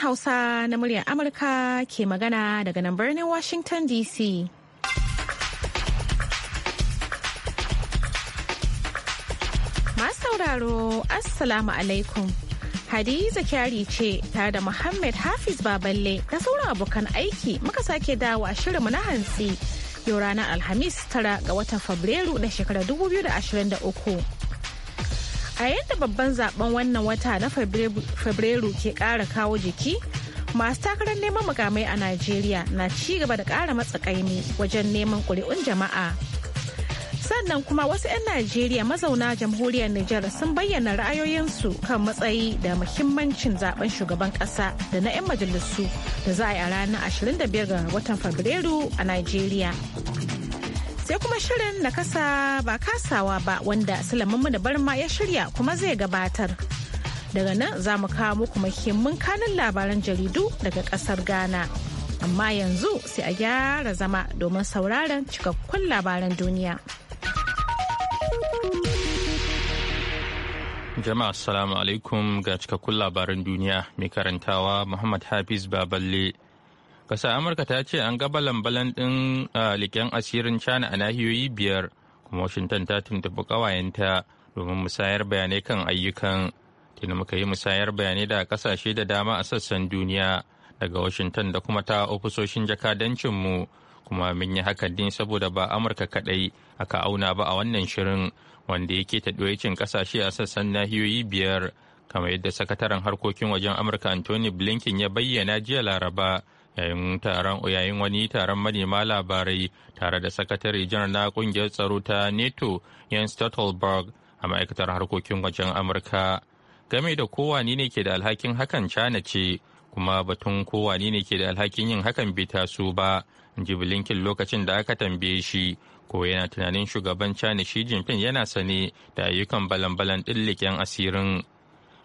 Hausa na muryar Amurka ke magana daga nan birnin Washington DC. Masu sauraro, Assalamu alaikum. Hadiza Kyari ce tare da Muhammad Hafiz Baballe da sauran abokan aiki muka sake dawo a shirinmu na hantsi yau ranar Alhamis tara ga watan Fabrairu da shekarar 2023. a yadda babban zaben wannan wata na fabrairu ke kara kawo jiki masu takarar neman mukamai a najeriya na ci gaba da kara matsakaimi wajen neman kuri'un jama'a sannan kuma wasu 'yan najeriya mazauna jamhuriyar nijar sun bayyana ra'ayoyinsu kan matsayi da muhimmancin zaben shugaban kasa da na 'yan majalisu da za a yi a ranar 25 ga watan fabrairu a najeriya sai kuma shirin na kasa ba kasawa ba wanda Sulaiman da Barma ya shirya kuma zai gabatar. Daga nan za mu kawo muku muhimmin kanin labaran jaridu daga kasar Ghana. Amma yanzu sai a gyara zama domin sauraron cikakkun labaran duniya. Jama'a Assalamu alaikum ga cikakkun labaran duniya mai karantawa Muhammad Hafiz Baballe. kasa Amurka ta ce an gaba lambalan ɗin liƙen asirin China a nahiyoyi biyar, kuma Washington ta tuntuɓi ƙawayenta domin musayar bayanai kan ayyukan. Tuni muka yi musayar bayanai da ƙasashe da dama a sassan duniya daga Washington da kuma ta ofisoshin jakadancinmu, kuma mun yi hakan din saboda ba Amurka kaɗai aka auna ba a wannan shirin wanda yake ta ɗoyacin ƙasashe a sassan nahiyoyi biyar. kamar yadda sakataren harkokin wajen amurka anthony blinken ya bayyana jiya laraba yayin taron yayin wani taron manema labarai tare da sakatare janar na kungiyar tsaro ta NATO yan Stoltenberg a ma'aikatar harkokin wajen Amurka game da kowane ne ke da alhakin hakan China ce kuma batun kowane ne ke da alhakin yin hakan bai taso ba ji bilinkin lokacin da aka tambaye shi ko yana tunanin shugaban China shi Jinping yana sane da ayyukan balan-balan ɗin asirin.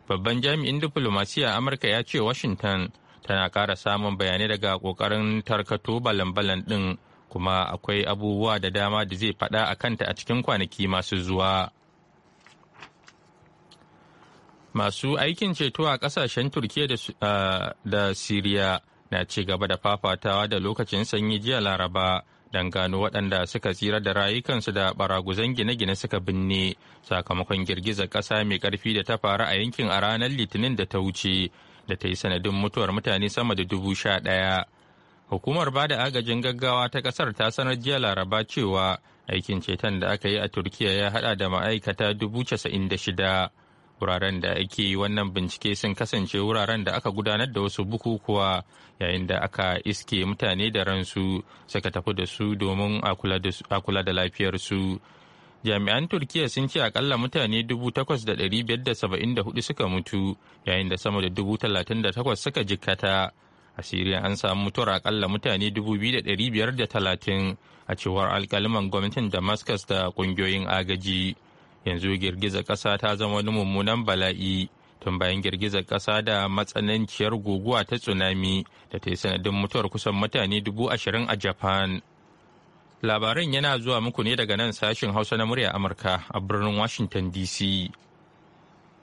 Babban jami'in diflomasiya Amurka ya ce Washington tana kara samun bayanai daga kokarin tarkato balan-balan ɗin kuma akwai abubuwa da dama da zai faɗa a kanta a cikin kwanaki masu zuwa. Masu aikin ceto a ƙasashen Turkiyya da Siriya na ci gaba da fafatawa da lokacin sanyi jiya Laraba. don gano waɗanda suka tsira da rayukansu da baraguzan gine-gine suka binne sakamakon girgizar ƙasa mai ƙarfi da ta faru a yankin a ranar litinin da ta wuce da ta yi sanadin mutuwar mutane sama da dubu sha ɗaya. Hukumar ba da agajin gaggawa ta ƙasar ta sanar jiya laraba cewa aikin ceton da aka yi a Turkiya ya haɗa da ma'aikata dubu casa'in da shida. Wuraren da ake yi wannan bincike sun kasance wuraren da aka gudanar da wasu bukukuwa yayin da aka iske mutane da ransu suka tafi da su domin a kula da lafiyarsu. jami'an turkiya sun ce akalla mutane 8,574 suka mutu yayin da sama da 38,000 suka jikkata a siriya an samu mutuwar akalla mutane 2,530 a cewar alkaliman gwamnatin damascus da kungiyoyin agaji yanzu girgizar ƙasa ta zama wani mummunan bala'i tun bayan girgizar ƙasa da matsananciyar guguwa ta tsunami da ta yi sanadin mutuwar kusan mutane 20,000 a japan Labaran yana zuwa muku ne daga nan sashen Hausa na murya Amurka a birnin Washington DC.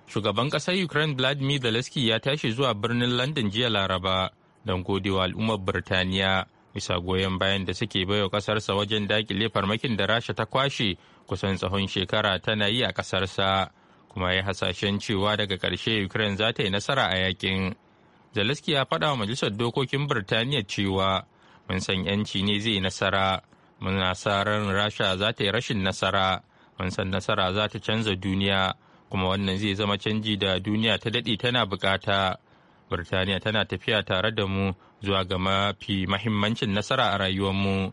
Shugaban ƙasar Ukraine Vladimir Zelensky ya tashi zuwa birnin London jiya Laraba don godewa al'ummar Birtaniya bisa goyon bayan da suke baiwa ƙasarsa wajen dakile farmakin da Rasha ta kwashe kusan tsahon shekara tana yi a ƙasarsa kuma ya hasashen cewa daga ƙarshe Ukraine za ta yi nasara a yakin. Zelensky ya faɗa wa Majalisar Dokokin Birtaniya cewa mun san 'yanci ne zai nasara muna sa ran rasha za ta yi rashin nasara mun san nasara za ta canza duniya kuma wannan zai zama canji da duniya ta daɗe tana bukata birtaniya tana tafiya tare da mu zuwa ga mafi mahimmancin nasara a rayuwar mu.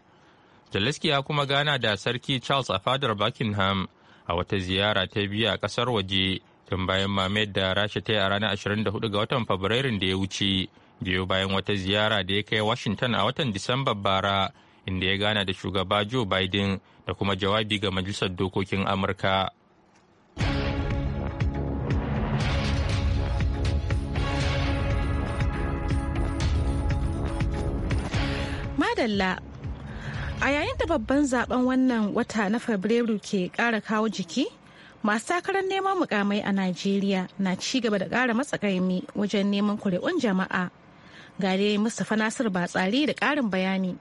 zelensky ya kuma gana da sarki charles a fadar buckingham a wata ziyara ta biyu a ƙasar waje tun bayan mamayar da rasha ta yi a ranar 24 ga watan fabrairun da ya wuce biyu bayan wata ziyara da ya kai washington a watan disamba bara inda ya gana da shugaba Joe Biden da kuma jawabi ga Majalisar Dokokin Amurka. Madalla A yayin da babban zaben wannan wata na Fabrairu ke ƙara kawo jiki, masu takarar neman mukamai a Najeriya na ci gaba da ƙara matsakaimi wajen neman kuri'un jama'a. Gare Mustapha Nasir Batsari da ƙarin bayani.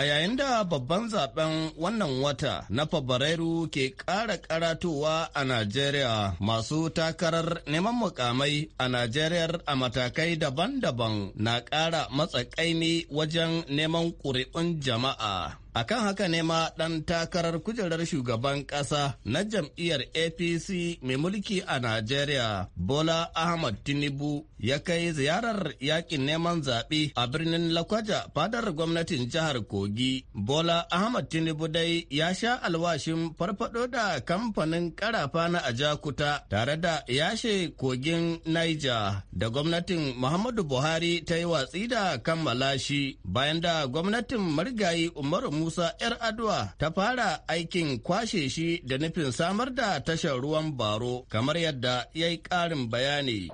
A yayin da babban zaben wannan wata na Fabrairu ke ƙara ƙaratowa a Najeriya masu takarar neman mukamai a Najeriya a matakai daban-daban na ƙara matsakaini wajen neman ƙuri'un jama'a. a kan haka ne ma ɗan takarar kujerar shugaban ƙasa na jam'iyyar apc mai mulki a najeriya bola ahmad tinubu ya kai ziyarar yakin neman zaɓe a birnin lakwaja fadar gwamnatin jihar kogi bola ahmad tinubu dai ya sha alwashin farfaɗo da kamfanin karafa na ajakuta tare da yashe kogin niger da gwamnatin muhammadu buhari ta yi watsi da kammala shi bayan da gwamnatin marigayi umaru Musa 'yar Adwa ta fara aikin kwashe shi da nufin samar da tashar ruwan baro kamar yadda ya yi ƙarin bayani.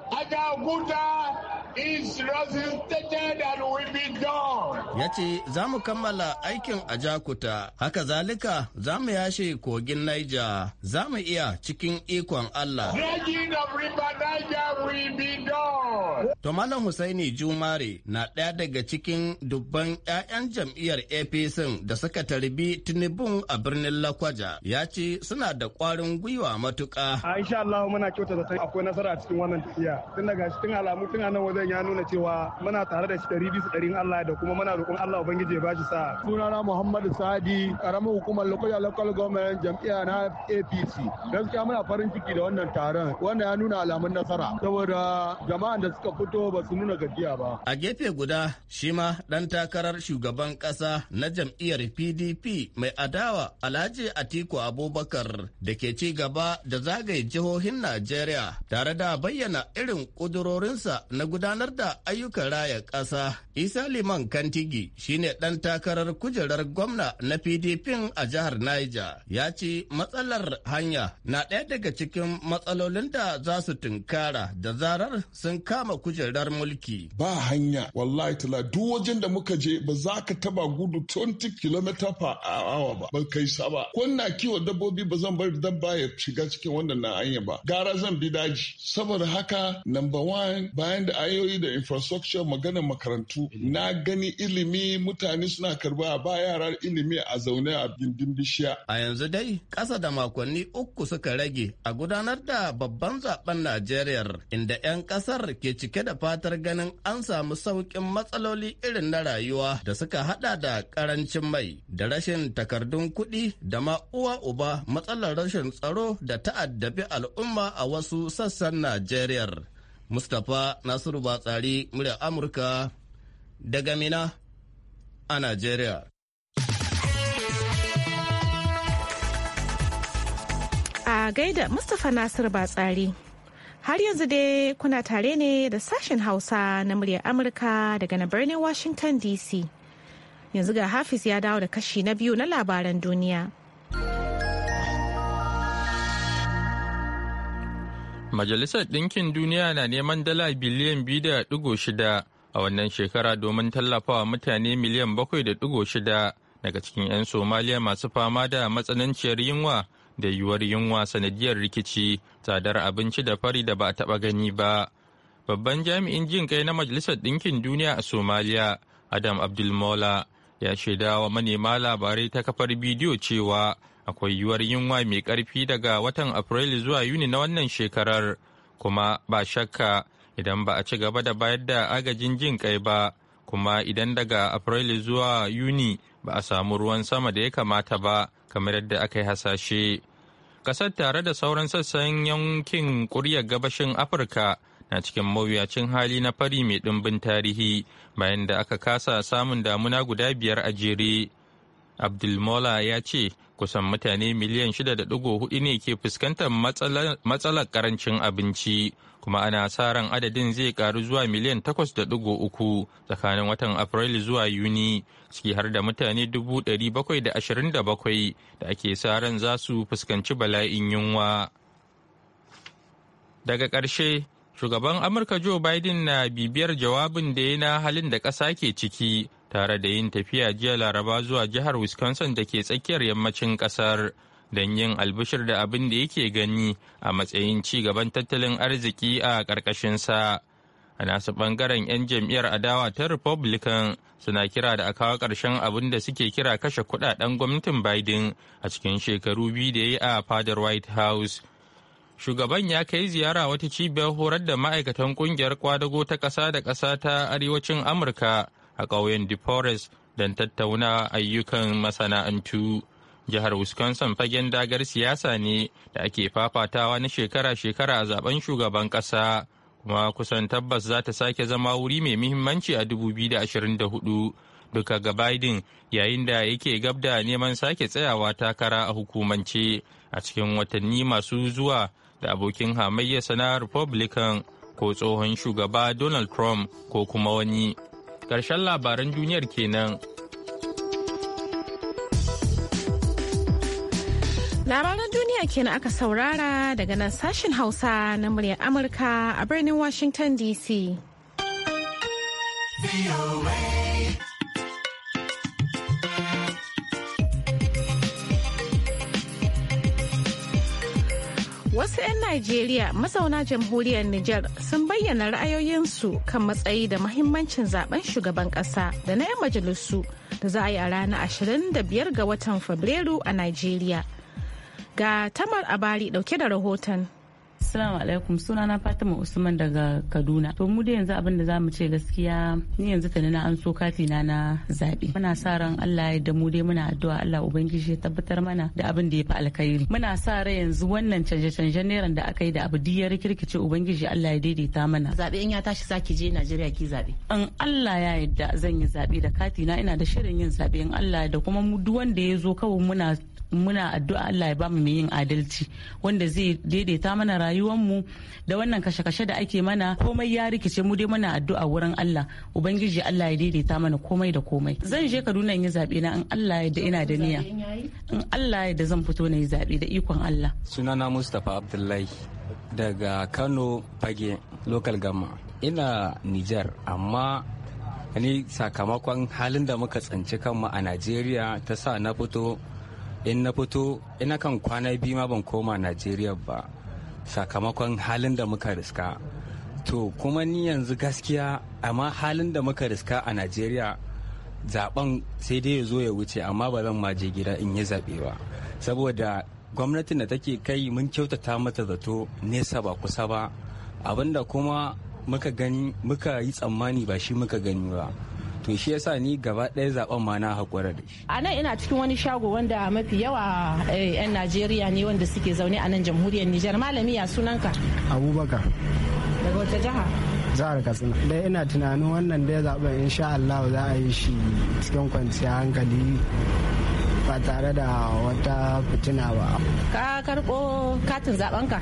Ya ce za mu kammala aikin a Jakuta, haka zalika za mu yashe kogin Naija, za mu iya cikin ikon Allah. Tomalan Malam Husaini Jumare na ɗaya daga cikin dubban 'ya'yan jam'iyyar APC da saka suka tarbi tinubun a birnin lakwaja ya ce suna da kwarin gwiwa matuka a insha Allah muna kyauta da akwai nasara a cikin wannan tafiya tun daga shi tun alamu tun anan wajen ya nuna cewa muna tare da shi dari bisa ɗarin Allah da kuma muna roƙon Allah ubangiji ya bashi sa sunana Muhammadu Sadi karamin hukumar lokacin local government jam'iyya na APC gaskiya muna farin ciki da wannan taron wanda ya nuna alamun nasara saboda jama'an da suka fito ba su nuna gajiya ba a gefe guda shi ma dan takarar shugaban ƙasa na jam'iyyar mai pdp mai adawa alhaji atiku abubakar da ke ci gaba da zagaye jihohin najeriya tare da bayyana irin ƙudurorinsa na gudanar da ayyukan raya ƙasa isa liman kantigi shine ɗan takarar kujerar gwamna na pdp a jihar niger ya ce matsalar hanya na ɗaya daga cikin matsalolin da za su tunkara da zarar sun kama kujerar mulki ba hanya wallahi tala duk wajen da muka je ba za ka taba gudu 20 km kilometer per hour ba ban kai sa ba ko kiwon dabbobi ba zan bar dabba ya shiga cikin wannan na hanya ba gara zan bi daji saboda haka number one bayan da ayoyi da infrastructure magana makarantu mhm. na gani ilimi mutane suna karba ba yara ilimi a zaune a bindin bishiya a yanzu dai kasa da makonni uku suka rage a gudanar da babban zaben najeriya inda 'yan kasar ke cike da fatar ganin an samu sauƙin matsaloli irin na rayuwa da suka hada da ƙarancin mai da rashin takardun kuɗi da ma uwa uba matsalar rashin tsaro da ta'addabi al'umma a wasu sassan Najeriya. Mustapha Nasiru Batsari murya Amurka daga Mina a Najeriya. A gaida Mustapha Nasiru Batsari. Har yanzu dai kuna tare ne da sashen Hausa na muryar Amurka daga na birnin Washington DC. Yanzu ga Hafiz ya dawo da kashi na biyu na labaran duniya. Majalisar Ɗinkin Duniya na neman dala biliyan biyu da ɗigo shida a wannan shekara domin tallafawa mutane miliyan bakwai da ɗigo shida daga cikin 'yan Somaliya masu fama da matsananciyar yunwa da yiwuwar yunwa sanadiyar rikici tsadar abinci da fari da ba a taɓa gani ba. Babban jami'in jin kai na Majalisar Ɗinkin Duniya a Somaliya Adam Abdulmola ya wa manema labarai ta kafar bidiyo cewa akwai yiwuwar yunwa mai karfi daga watan Afrilu zuwa Yuni na wannan shekarar, kuma ba shakka idan ba a ci gaba da bayar da agajin jin kai ba, kuma idan daga Afrilu zuwa Yuni ba a samu ruwan sama da ya kamata ba, kamar yadda aka yi hasashe. Ƙasar tare da sauran sassan yankin kuryar gabashin Afirka na cikin mawuyacin hali na fari mai ɗimbin tarihi bayan da aka kasa samun damuna guda biyar a jere. Abdulmola ya ce kusan mutane miliyan 6.4 ne ke fuskantar matsalar karancin abinci kuma ana sa ran adadin zai karu zuwa miliyan 8.3 tsakanin watan Afrilu zuwa Yuni ciki har da mutane dubu 727 da ake sa ran za su fuskanci bala'in yunwa. Daga ƙarshe Shugaban Amurka Joe Biden na bibiyar jawabin da ya na halin da ƙasa ke ciki tare da yin tafiya jiya Laraba zuwa jihar Wisconsin da ke tsakiyar yammacin ƙasar don yin albishir da abin da yake gani a matsayin ci gaban tattalin arziki a ƙarƙashinsa. A nasu bangaren 'yan jam'iyyar adawa ta Republican suna kira da a kawo ƙarshen abin da suke kira kashe kudaden gwamnatin Biden a cikin shekaru biyu da ya yi a fadar White House. shugaban ya kai ziyara wata cibiyar horar da ma'aikatan kungiyar kwadago ta ƙasa da ƙasa ta arewacin amurka a ƙauyen deforest don tattauna ayyukan masana'antu jihar wisconsin fagen dagar siyasa ne da ake fafatawa na shekara-shekara a zaben shugaban ƙasa kuma kusan tabbas za ta sake zama wuri mai muhimmanci a 2024 duka ga biden yayin da yake gabda neman sake tsayawa takara a hukumance a cikin watanni masu zuwa da abokin hamayya sana republican ko tsohon shugaba donald trump ko kuma wani ƙarshen labaran duniyar kenan labaran duniya kenan aka saurara daga nan sashen hausa na muryar amurka a birnin washington dc Wasu 'yan Najeriya mazauna jamhuriyar Nijar sun bayyana ra'ayoyinsu kan matsayi da mahimmancin zaben shugaban ƙasa da na 'yan majalisu da za a yi a ranar 25 ga watan Fabrairu a Najeriya. Ga Tamar Abari dauke da rahoton. Assalamu alaikum suna na Fatima Usman daga Kaduna. To mu da yanzu abin da zamu ce gaskiya ni yanzu tani na an so kati na na zabe. Muna sa ran Allah ya da mu dai muna addu'a Allah ubangiji ya tabbatar mana da abin da ya fi alkhairi. Muna sa ran yanzu wannan canje ne neran da aka yi da abu diyar kirkice ubangiji Allah ya daidaita mana. Zabe in ya tashi saki je Najeriya ki zabe. In Allah ya yarda zan yi zabe da kati na ina da shirin yin zabe in Allah da kuma mu duk wanda ya zo kawai muna muna addu'a Allah ya ba mu yin adalci wanda zai daidaita mana mu da wannan kashe-kashe da ake mana komai ya rikice mu dai muna addu'a wurin Allah ubangiji Allah ya daidaita mana komai da komai zan je Kaduna in yi zabe na in Allah ya da ina da niyya in Allah ya da zan fito na yi zabe da ikon Allah sunana Mustapha Abdullahi daga Kano Fage local gama ina Niger amma ni sakamakon halin da muka tsanci kanmu a Najeriya ta sa na fito in na fito ina kan kwana biyu ma ban koma najeriya ba sakamakon halin da muka riska to kuma ni yanzu gaskiya amma halin da muka riska a najeriya zaben sai dai ya zo ya wuce amma ba zan maje gida in yi zaɓe ba saboda gwamnatin da take kai mun kyautata mata zato nesa ba kusa ba abinda kuma muka gani muka yi tsammani ba shi muka gani ba to shi yasa ni gaba ɗaya zaben ma na haƙura da shi a nan ina cikin wani shago wanda mafi yawa 'yan eh, najeriya ne wanda suke zaune a nan jamhuriyar nijar malami ya sunanka abubakar daga wata jiha zahar katsina dai ina tunanin wannan dai zaben insha allah za a yi shi cikin kwanciyar hankali ba tare da wata fitina ba ka karɓo katin zaɓenka.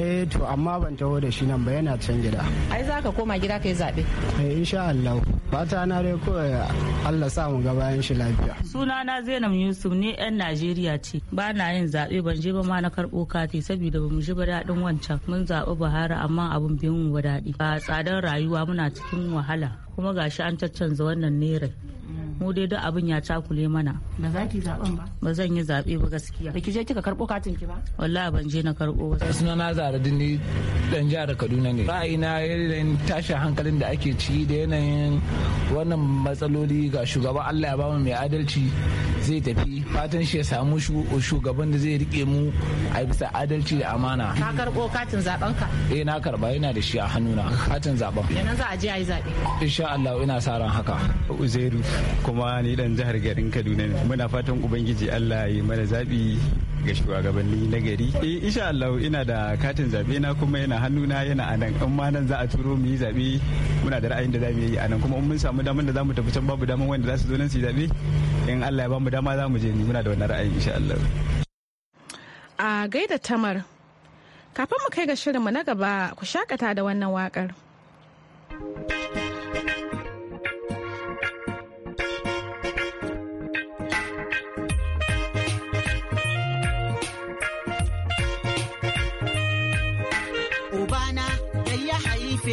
eh to amma ban taho da shi nan ba yana can gida ai za ka koma gida ka yi zaɓe eh insha allah fata na dai ko Allah sa mu ga bayan shi lafiya sunana Zainab Yusuf ne yan Najeriya ce ba na yin zaɓe ban je ba ma na karɓo kati saboda ba mu ji ba daɗin wancan mun zaɓi Buhari amma abun bai mu ba dadi ba tsadar rayuwa muna cikin wahala kuma gashi an caccanza wannan nera mu dai duk abin ya cakule mana ba za ki zaben ba ba zan yi zabe ba gaskiya da ki je kika karbo katin ki ba wallahi ban je na karbo ba suna na zara dinni dan jihar Kaduna ne ra'ayina yanayin tashin hankalin da ake ci da yanayin wannan matsaloli ga shugaban Allah ya mu mai adalci zai tafi fatan shi ya samu shugaban da zai rike mu a bisa adalci da amana ka karbo katin zaben ka eh na karba yana da shi a hannuna katin zaben yanzu za a je a yi zabe insha Allah ina sa ran haka uzairu kuma ni dan jihar garin Kaduna ne muna fatan ubangiji Allah ya yi mana zabi ga shugabanni na gari eh, insha Allah ina da katin zabe na kuma yana hannuna yana anan in ma nan za a turo mu yi zabe muna da ra'ayin da za mu yi anan kuma in mun samu damar da za mu tafi can babu damar wanda za su zo nan su yi zabe in Allah ya bamu dama za mu je ni muna da wannan ra'ayin insha Allah a gaida tamar kafin mu kai ga shirinmu na gaba ku shakata da wannan waƙar.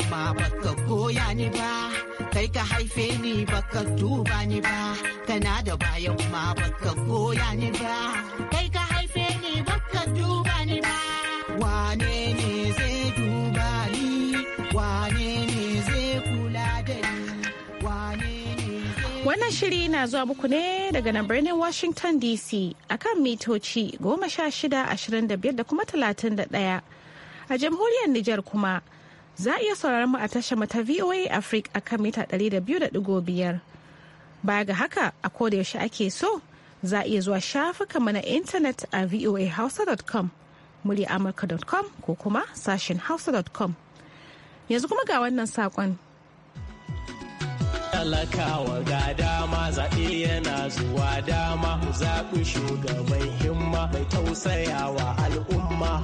amma baka koya ni ba kai ka haife ni baka duba ni ba kana da bayan ma baka koya ni ba kai ka haife ni baka duba ni ba wane ne zai duba ni wane ne zai kula da ni wane ne Wannan shiri na zuwa muku ne daga nan birnin Washington DC akan mitoci goma sha shida ashirin da biyar da kuma talatin da a jamhuriyar Nijar kuma za a iya sauraron mu a tashar ta VOA Africa a kan mita 200.5. Baya ga haka a koda yaushe ake so za a iya zuwa shafukan mu na intanet a voahausa.com, murya amurka.com ko kuma sashen hausa.com. Yanzu kuma ga wannan saƙon. talakawa ga dama zaɓe yana zuwa dama zaɓi shugaban himma mai tausayawa al'umma.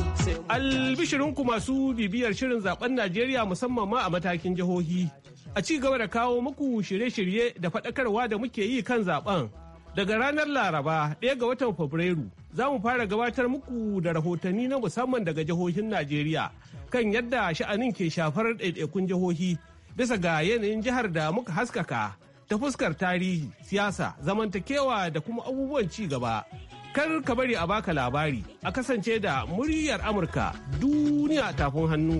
Albishirinku masu bibiyar shirin zaben Najeriya musamman ma a matakin jihohi. A ci gaba da kawo muku shirye-shirye da faɗakarwa da muke yi kan zaben. Daga ranar Laraba ɗaya ga watan Fabrairu za mu fara gabatar muku da rahotanni na musamman daga jihohin Najeriya kan yadda sha'anin ke shafar ɗaiɗaikun jihohi bisa ga yanayin jihar da muka haskaka ta fuskar tarihi siyasa zamantakewa da kuma abubuwan ci gaba kar ka bari a baka labari a kasance da muryar amurka duniya tafin hannu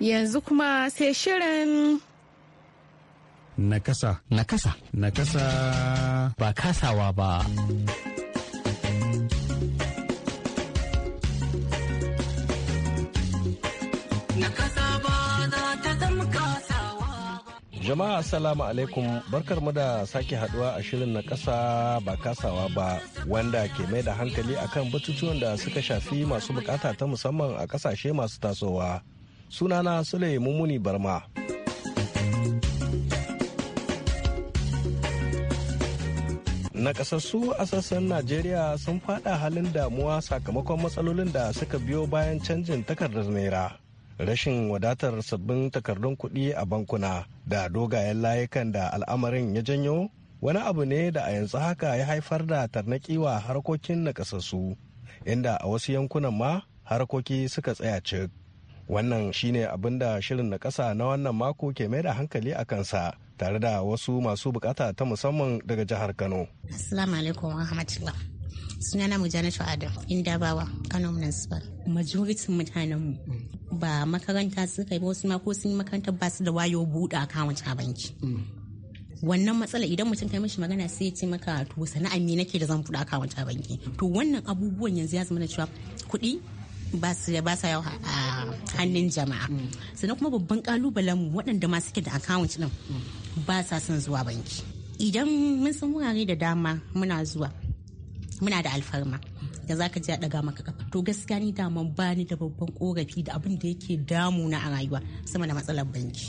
yanzu kuma sai shirin Nakasa. Nakasa. Nakasa. Ba kasawa ba. Jama'a Assalamu alaikum barkarmu da sake haduwa a shirin na kasa ba kasawa ba wanda ke mai da hankali akan batutuwan da suka shafi masu bukata ta musamman a kasashe masu tasowa. Sunana Sule muni Barma. nakasassu a sassan najeriya sun fada halin damuwa sakamakon matsalolin da suka biyo bayan canjin takardar naira rashin wadatar sabbin takardun kuɗi a bankuna da dogayen layukan da al'amarin ya janyo wani abu ne da a yanzu haka ya haifar da tarnaki wa harkokin nakasassu inda a wasu yankunan ma harkoki suka tsaya cik wannan shine abin da shirin na na wannan mako ke mai da hankali a kansa tare da wasu masu bukata ta musamman daga jihar Kano. Assalamu alaikum wa rahmatullah. Sunana Shu'ada, inda bawa Kano Municipal. Majoritin mutanen mu ba makaranta suka yi wasu ma ko sun yi ba su da wayo buɗe akawun ta banki. wannan matsala idan mutum kai mishi magana sai ya ce maka to sana'a me nake da zan buɗe akawunt ta banki to wannan abubuwan yanzu ya zama na cewa kuɗi ba su ba sa a hannun jama'a sannan kuma babban kalubalen mu waɗanda ma suke da akawunt din ba sa son zuwa banki idan mun san wurare da dama muna zuwa muna da alfarma da zaka ji a daga maka kafa to gaskiya ni daman ba ni da babban korafi da abin da yake damuna a rayuwa sama da matsalar banki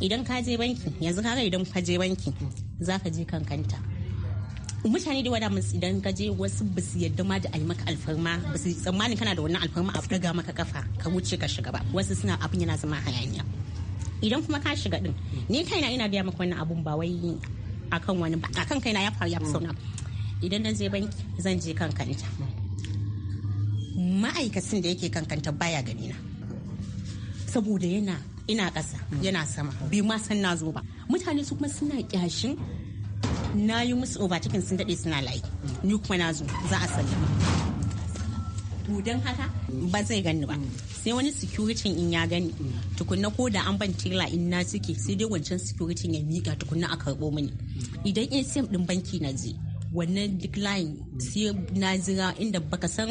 idan ka je banki yanzu kaga idan ka je banki zaka je kankanta mutane da wada musu idan ka je wasu ba su yadda ma da a yi maka alfarma ba su tsammanin kana da wannan alfarma a daga maka kafa ka wuce ka shiga ba wasu suna abin yana zama hayaniya idan kuma ka shiga din ni kaina ina gaya maka wannan abun ba wai akan wani ba akan kaina ya faru ya fi sauna idan na je banki zan je kan ma'aikacin da yake kan kanta baya gani na saboda yana ina ƙasa yana sama bai ma san na zo ba mutane su kuma suna kyashin na yi musu overtaking sun daɗe suna layi ni kuma na zo za a sallama to don haka ba zai gani ba sai wani security in ya gani mm. tukunna ko da an ban tela in na suke sai dai wancan security ya mika tukunna a karbo mini mm. idan ATM din banki na je wannan decline mm. sai na jira inda baka san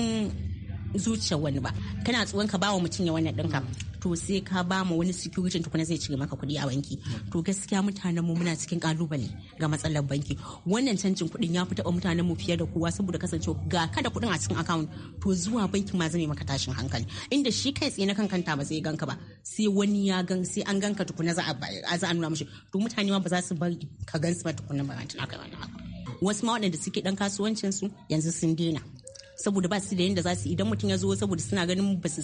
zuciyar wani ba kana tsoron ka bawa mutum ya wannan ka to sai ka ba mu wani security tukuna zai cire maka kuɗi a banki to gaskiya mutanen mu muna cikin kalubale ga matsalar banki wannan canjin kuɗin ya fi taɓa mutanen mu fiye da kowa saboda kasancewa ga kada kuɗin a cikin account to zuwa banki ma zai maka tashin hankali inda shi kai tsaye na kankanta ba zai ganka ba sai wani ya gan sai an ganka tukuna za a za a nuna mishi to mutane ma ba za su bari ka gan su ba tukuna ba wasu ma waɗanda suke ɗan kasuwancin su yanzu sun daina saboda ba su da yadda za su idan mutum ya zo saboda suna ganin ba su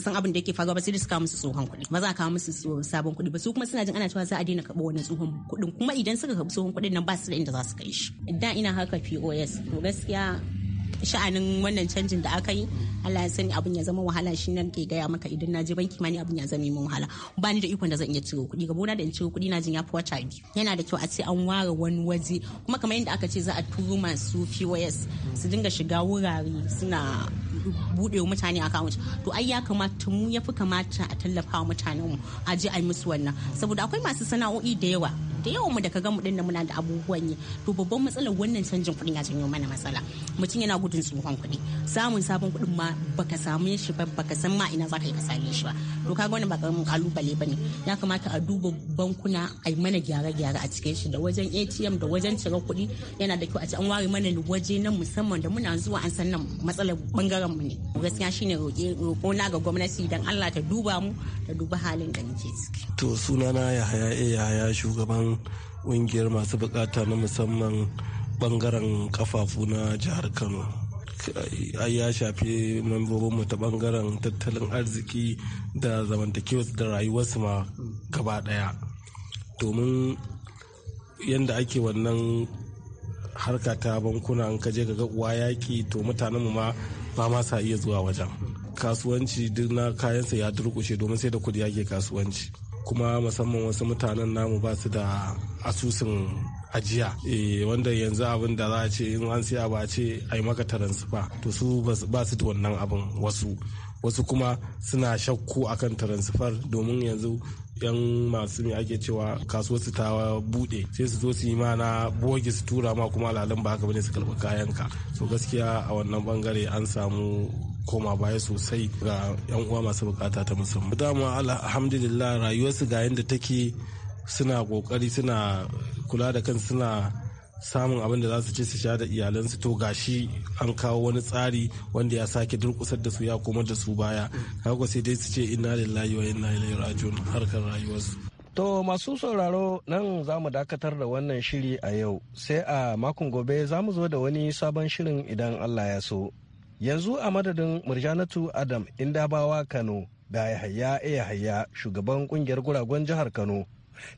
san abin da yake faruwa ba sai da su kawo musu tsohon kuɗi ba za a kawo musu sabon kuɗi ba su kuma suna jin ana cewa za a daina karɓo wani tsohon kuɗin kuma idan suka karɓi tsohon kuɗin nan ba su da yadda za su kai shi idan ina haka POS to gaskiya sha'anin wannan canjin da aka yi Allah ya sani abin ya zama wahala shi nan ke gaya maka idan na je banki ma ni abin ya zama mai wahala ba ni da ikon da zan iya ciro kuɗi gabona da in ciro kuɗi na jin ya fi wata biyu yana da kyau a ce an ware wani waje kuma kamar yadda aka ce za a turo masu POS su dinga shiga wurare suna buɗe mutane account to ai ya kamata mu ya fi kamata a tallafa mutanen mutanenmu a je a yi musu wannan saboda akwai masu sana'o'i da yawa da yawan mu da ka mu dinnan muna da abubuwan yi to babban matsalar wannan canjin kuɗin ya janyo mana matsala mutum yana gudun tsohon kuɗi samun sabon kuɗin ma baka samu shi ba baka san ma ina zaka yi ka same shi ba to kaga wannan ba karamin kalubale bane ya kamata a duba bankuna a mana gyare-gyare a cikin shi da wajen ATM da wajen cire kuɗi yana da kyau a ci an ware mana waje na musamman da muna zuwa an san nan matsalar bangaren mu ne gaskiya shine roƙo na ga gwamnati dan Allah ta duba mu ta duba halin da nake ciki to sunana Yahaya eh Yahaya shugaban ƙungiyar masu bukata na musamman bangaren kafafu na jihar kano Ai ya shafi mu ta bangaren tattalin arziki da zamantakewa da rayuwarsu ma gaba daya domin yadda ake wannan harka ta bankuna an kaje ga uwa yaki to mutanenmu ma ba ma sa iya zuwa wajen kasuwanci duk na kayansa ya durkushe domin sai da kudi yake kasuwanci kuma musamman wasu mutanen namu ba su da asusun ajiya eh, wanda yanzu abin da za a ce in an siya ba a ce a yi maka taransifa to su ba su da wannan abin wasu wasu kuma suna shakku akan taransifar domin yanzu yan masu mai ake cewa su ta bude sai su zo su yi mana bogi su tura ma kuma lalan ba haka bane su karɓi kayanka so gaskiya a wannan bangare an samu koma baya sosai ga yan uwa masu bukata ta musamman dama alhamdulillah rayuwarsu ga yadda take suna kokari suna kula da kan suna samun abin da za su ci su sha da iyalansu to gashi an kawo wani tsari wanda ya sake durkusar da su ya komar da su baya haka sai dai su ce inna lillahi wa inna ilaihi rajiun harkar rayuwarsu To masu sauraro nan za mu dakatar da wannan shiri a yau sai a makon gobe za mu zo da wani sabon shirin idan Allah ya so. yanzu a madadin murjanatu adam indabawa kano da yahaya yahaya shugaban kungiyar guragun jihar kano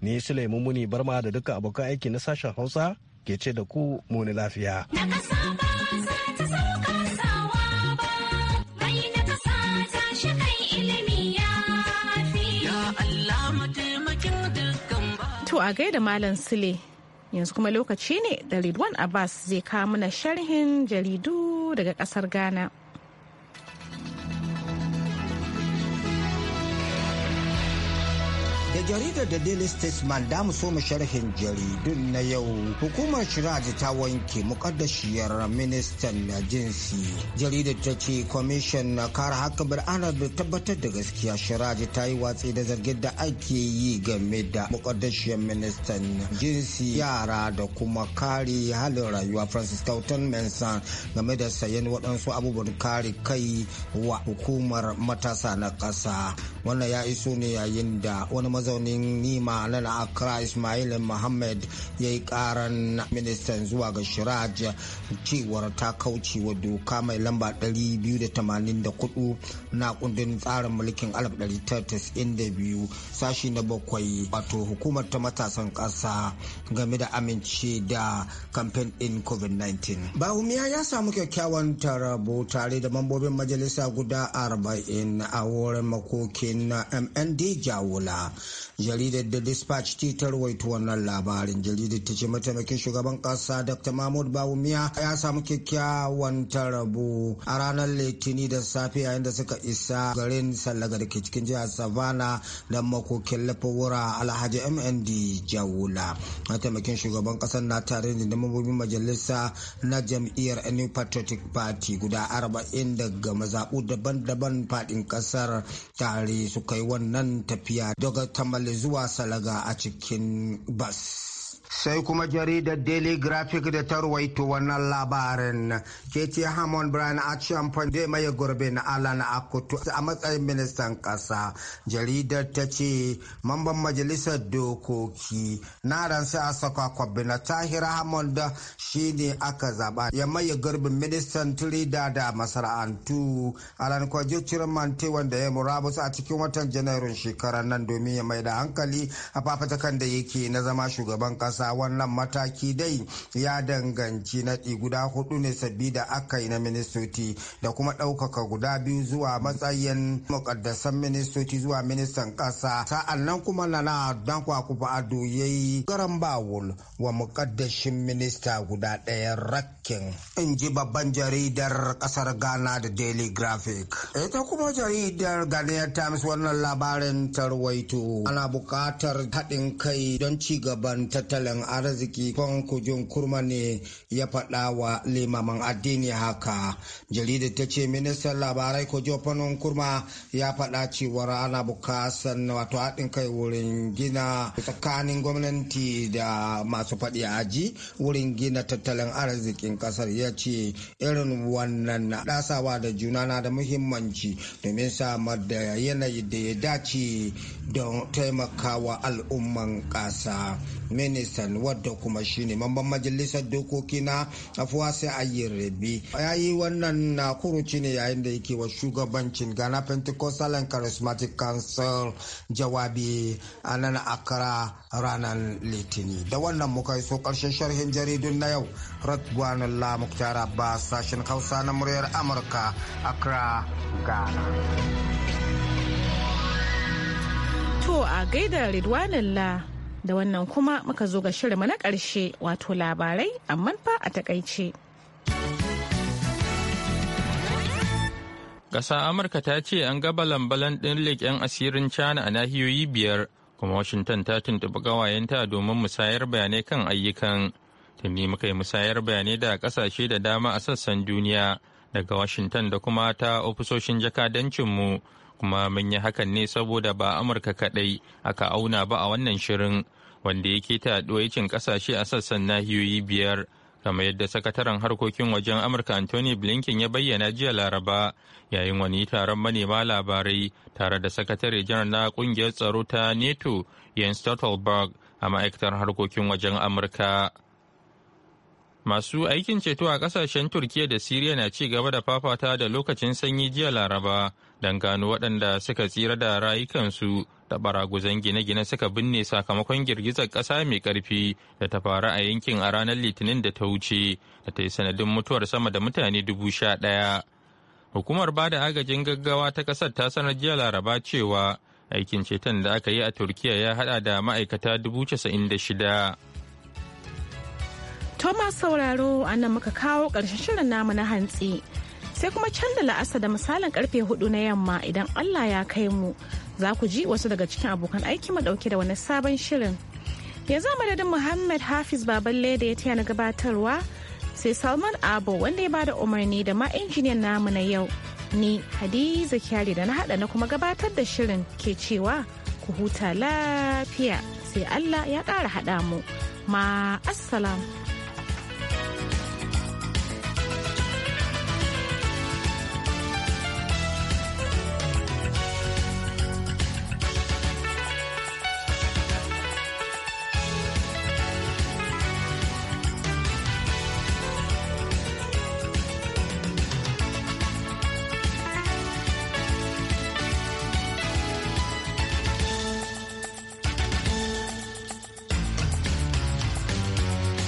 ni sulaimu muni barma da duka abokan aiki na sashen hausa ke ce da ku muni lafiya To a gaida Malam Sule Yanzu kuma lokaci ne da Ridwan Abbas zai kawo mana sharhin jaridu daga kasar Ghana. jaridar da Daily Statesman da mu so mu sharhin jaridun na yau hukumar Shiraji ta wanke mukaddashiyar ministan na jinsi. Jaridar ta ce kwamishin na kare haka bil'ana bai tabbatar da gaskiya Shiraji ta yi watsi da zargin da ake yi game da mukaddashiyar ministan jinsi yara da kuma kare halin rayuwa Francis Tautan Mensan game da sayan waɗansu abubuwan kare kai wa hukumar matasa na ƙasa. wannan ya iso ne yayin da wani mazaunin nima na accra ismail muhammad ya yi karan ministan zuwa ga shiraj cewar ta kauce wa doka mai lamba 284 na kundin tsarin mulkin 1992 sashi na bakwai wato hukumar ta matasan kasa game da amince da kamfen din covid-19 bahumiya ya samu kyakkyawan tarabo tare da mambobin majalisa guda 40 a wurin makoki na mnd jawula jaridar da dispatch ta tarwaita wannan labarin jaridar ta ce mataimakin shugaban kasa dr mahmud bawumiya ya samu kyakkyawan tarabo a ranar litini da safe yayin da suka isa garin sallaga da ke cikin jihar savana don makokin lafawura alhaji mnd jawula mataimakin shugaban kasar na tare da mambobin majalisa na jam'iyyar new patriotic party guda arba'in daga mazaɓu daban-daban faɗin kasar tare su kai wannan tafiya daga tamale zuwa salaga a cikin bas sai kuma jaridar daily graphic da ta ruwaito wannan labarin kece hamon brian action zai maye gurbin alan akutu a matsayin ministan kasa jaridar ta ce mamban majalisar dokoki na ransa a saka kwabina tahir hamon da shi ne aka zaba ya maye gurbin ministan turida da masana'antu alan kwajo cirmante wanda ya murabus a cikin watan janairun shekarar nan domin ya mai da hankali a fafatakan da yake na zama shugaban kasa ƙasa wannan mataki dai ya danganci naɗi guda hudu ne sabbi da aka yi na ministoci da kuma ɗaukaka guda biyu zuwa matsayin mukaddasan ministoci zuwa ministan ƙasa sa'an nan kuma na don kwakufa ado ya yi garan bawul wa mukaddashin minista guda ɗaya rakin. in ji babban jaridar ƙasar ghana da daily graphic ita kuma jaridar ghanaian times wannan labarin tarwaito ana buƙatar haɗin kai don ci gaban tattalin tattalin arziki kujin kurma ne ya faɗa wa limaman addini haka jarida ta ce ministan labarai kujo kurma ya faɗa cewar ana bukasan wato haɗin kai wurin gina tsakanin gwamnati da masu faɗi aji wurin gina tattalin arzikin ƙasar ya ce irin wannan ɗasawa da juna na da muhimmanci domin samar da yanayi da ya dace don taimakawa al'umman ƙasa minista Faisal wadda kuma shine mamban majalisar dokoki na Afuwasi Ayyarebi. Ya yi wannan na uh, kuruci ne yayin da yake wa shugabancin Ghana Pentecostal and Charismatic Council jawabi a nan Accra ranar Litini. Da wannan muka yi so ƙarshen sharhin jaridun na yau. Ratwan Allah sashen Hausa na muryar Amurka Accra Ghana. To a gaida Ridwanullah Da wannan kuma muka zo ga shirinmu na ƙarshe wato labarai amma fa a takaice. Ƙasa Amurka ta ce an gaba lambalan ɗin leƙen asirin China a nahiyoyi biyar, kuma Washington ta tuntuɓi gawayenta domin musayar bayanai kan ayyukan. Tuni muka yi musayar bayanai da ƙasashe da dama a sassan duniya daga Washington da kuma ta ofisoshin jakadancinmu kuma mun yi hakan ne saboda ba amurka kaɗai aka auna ba a wannan shirin wanda yake ta yacin ƙasashe a sassan nahiyoyi biyar kamar yadda sakataren harkokin wajen amurka anthony blinken ya bayyana jiya laraba yayin wani taron manema labarai tare da sakatare janar na kungiyar tsaro ta nato jens stoltenberg a ma'aikatar harkokin wajen amurka masu aikin ceto a kasashen turkiya da syria na ci gaba da fafata da lokacin sanyi jiya laraba don gano waɗanda suka tsira da rayukansu da baraguzan gine-gine suka binne sakamakon girgizar ƙasa mai ƙarfi da ta faru a yankin a ranar litinin da ta wuce da ta yi sanadin mutuwar sama da mutane dubu sha ɗaya. Hukumar bada agajin gaggawa ta ƙasar ta sanar jiya laraba cewa aikin ceton da aka yi a Turkiya ya haɗa da ma'aikata dubu casa'in da shida. Thomas Sauraro, a nan muka kawo ƙarshen shirin namu na hantsi. sai kuma can da la'asa da misalin karfe hudu na yamma idan Allah ya kai mu za ku ji wasu daga cikin abokan aiki mu dauke da wani sabon shirin. Yanzu madadin Muhammad Hafiz Baballe da ya taya na gabatarwa sai Salman Abo wanda ya bada umarni da ma injiniyan namu na yau. Ni Hadiza Kyari da na hada na kuma gabatar da shirin ke cewa ku huta lafiya sai Allah ya kara hada mu. Ma